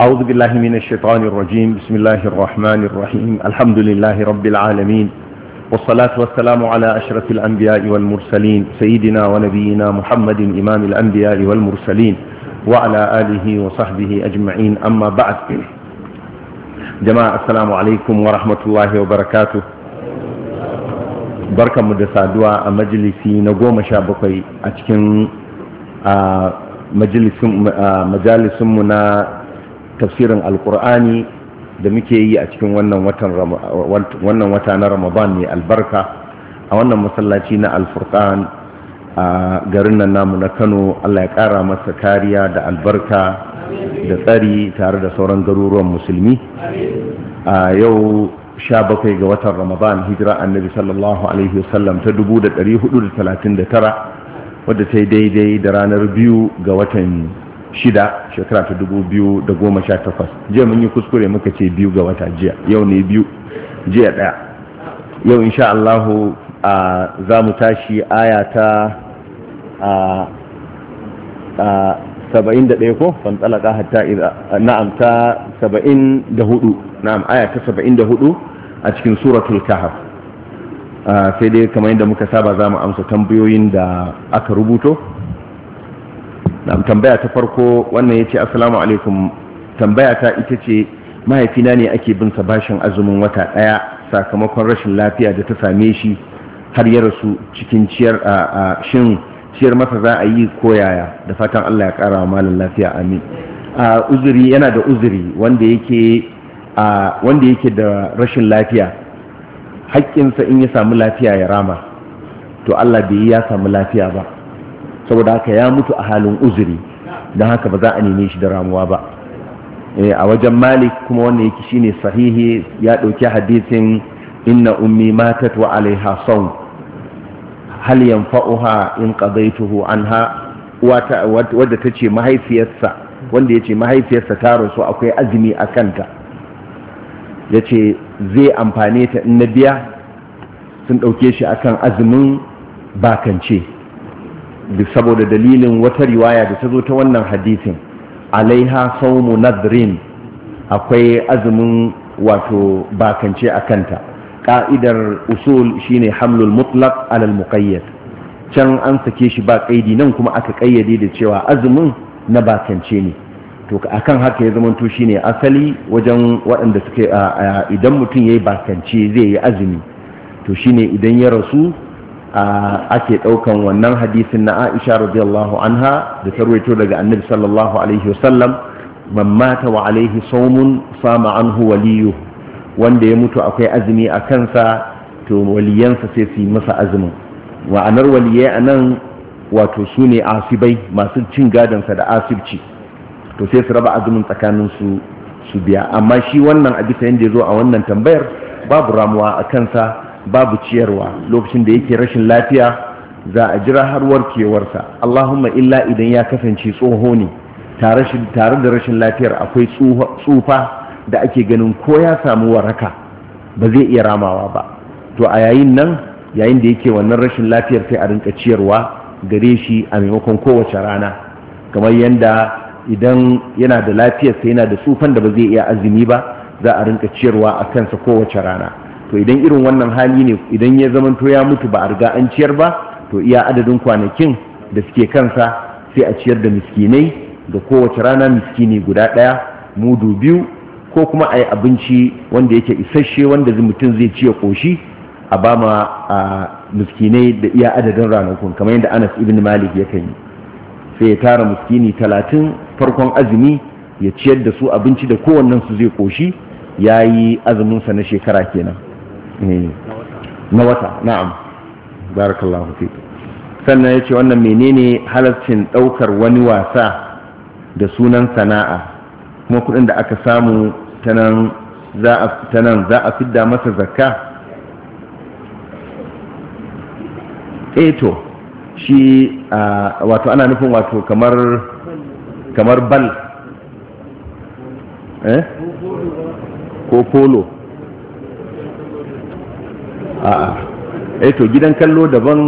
أعوذ بالله من الشيطان الرجيم بسم الله الرحمن الرحيم الحمد لله رب العالمين والصلاة والسلام على أشرف الأنبياء والمرسلين سيدنا ونبينا محمد إمام الأنبياء والمرسلين وعلى آله وصحبه أجمعين أما بعد جماعة السلام عليكم ورحمة الله وبركاته barkanmu da saduwa a majalisi na goma sha bakwai a cikin majalisunmu na tafsirin alkur'ani da muke yi a cikin wannan wata na ramadan mai albarka a wannan masallaci na alfurkan a garin nan namu na kano allah ya kara masa kariya da albarka da tsari tare da sauran garuruwan musulmi a yau 17 ga watan ramadan hijira annabi sallallahu alaihi wasallam ta 439 wadda ta yi daidai da ranar biyu ga watan shida shekara ta 2018 jiya mun yi kuskure muka ce biyu ga wata jiya yau ne biyu jiya daya yau insha Allahu a za mu tashi aya ta a ɗaya ko tsalaƙa hatta na'am ta da hudu. na'am aya ta hudu. a cikin suratul kahf ah, sai dai kamar yadda muka saba za mu amsa tambayoyin da aka rubuto tambaya ta farko wannan ya ce assalamu alaikum tambaya ta ita ce mahaifina ne ake bin sa bashin azumin wata ɗaya sakamakon rashin lafiya da ta same shi har ya rasu cikin ciyar a shin ciyar masa za a yi koyaya da fatan Allah ya kara wa malam lafiya amin ah, uzuri yana da uzuri wanda yake a wanda yake da rashin lafiya haƙƙinsa in ya samu lafiya ya rama to Allah bai ya samu lafiya ba saboda haka ya mutu a halin uzuri don haka ba za a neme shi da ramuwa ba eh, a wajen malik kuma wanda yake shine sahihi ya ɗauki hadisin inna ummi matat wa alaiha son hal yanfa'uha in qadaytuhu anha wadda ta ce mahaifiyarsa wanda ya ce mahaifiyarsa ta rasu akwai azumi a kanta ya ce zai amfane ta in na biya sun ɗauke shi akan azumin bakance saboda dalilin wata riwaya da ta zo ta wannan hadisin alaiha saumu nadrin akwai azumin wato bakance a kanta ƙa'idar usul shine hamlul mutlaq alal muqayyad can an sake shi ba ƙaidi nan kuma aka ƙayyade da cewa azumin na bakance ne to a kan haka ya zamanto shine asali wajen waɗanda suke idan mutum ya yi bakance zai yi azumi to shine idan ya rasu ake ɗaukan wannan hadisin na aisha radiyallahu anha da ruwaito daga annabi sallallahu alaihi wasallam man mata wa alaihi saumun sama anhu waliyu wanda ya mutu akwai azumi a kansa to waliyansa sai su yi masa azumin wa'anar waliyai a nan wato su ne asibai masu cin gadonsa da asibci to sai su raba azumin tsakanin su su biya amma shi wannan a bisa yadda ya zo a wannan tambayar babu ramuwa a kansa babu ciyarwa lokacin da yake rashin lafiya za a jira har warkewarsa allahumma illa idan ya kasance tsoho ne tare da rashin lafiyar akwai tsufa da ake ganin ko ya samu waraka ba zai iya ramawa ba to a yayin nan yayin da yake wannan rashin lafiyar sai a rinka ciyarwa gare shi a maimakon kowace rana kamar yadda idan yana da lafiyar sai yana da tsufan da ba zai iya azumi ba za a rinka ciyarwa a kansa kowace rana to idan irin wannan hali ne idan ya zamanto ya mutu ba a riga an ciyar ba to iya adadin kwanakin da suke kansa sai a ciyar da miskinai ga kowace rana miskini guda ɗaya mudu biyu ko kuma a yi abinci wanda yake isasshe wanda mutum zai ciye koshi a ba ma miskinai da iya adadin ranakun kamar yadda anas ibn malik yakan yi sai ya tara muskini talatin farkon azumi ya ciyar da su abinci da kowannen zai koshi ya yi azuminsa na shekara kenan eh, na wata na'am barakallahu fi sannan ya ce wannan menene halarcin ɗaukar wani wasa da sunan sana'a kuma kuɗin da aka samu ta nan za a fidda masa zakka eto eh shi wato ana nufin wato kamar kamar bal eh? ko polo a'a eh to gidan kallo daban